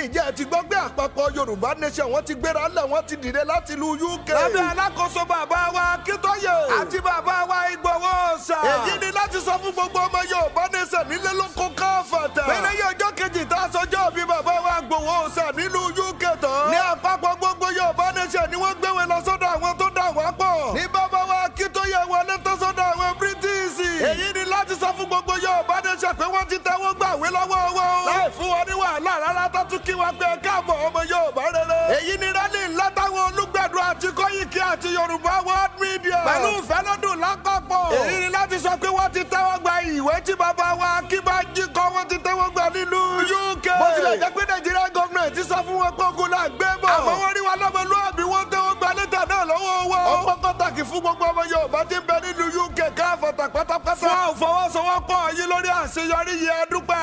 ìjẹ́ ẹ ti gbọ́ pé àpapọ̀ yorùbá nation wọ́n ti gbéra lẹ̀ wọ́n ti dìde láti ìlú uk. lábẹ́ alákòóso bàbá wa akíntóyè. àti bàbá wa ìgbòho ọ̀sà. èyí ni láti sọ fún gbogbo ọmọ yorùbá nation nílé lóko káfàtà. pẹ̀lẹ́ yóò jọ́ kejì tá a sọjọ́ bí bàbá wa ìgbòho ọ̀sà nílùú uk tán. ní àpapọ̀ gbogbo yorùbá nation ni wọ́n gbéwèé lọ sọ́dọ̀ àwọn tó dà wá pọ̀. ní bàbá wa akíntóyè wọlé tó sọ́dọ̀ àwọn Miliki àti Yorùbá World Radio. Pẹ̀lú ìfẹ́lódùn lápapọ̀. Èyí ni láti sọ pé wọ́n ti tẹ́wọ́ gba ìwé tí bàbá wa Akínbánjí kọ wọ́n ti tẹ́wọ́ gbà nílùú UK. Bó tilẹ̀ jẹ́ pé Nàìjíríà gọ́ọ̀mẹ̀ntì ti sọ fún wọn pé ogun là gbé bọ̀. Àmọ́ wọ́n rí wa lọ́mọlúwàbí wọ́n tẹ́wọ́ gba lẹ́tà náà lọ́wọ́ wọn. Ó pọ́ pàtàkì fún gbogbo ọmọ Yorùbá tí ń bẹ nílùú UK káàfọ̀tà pátápátá.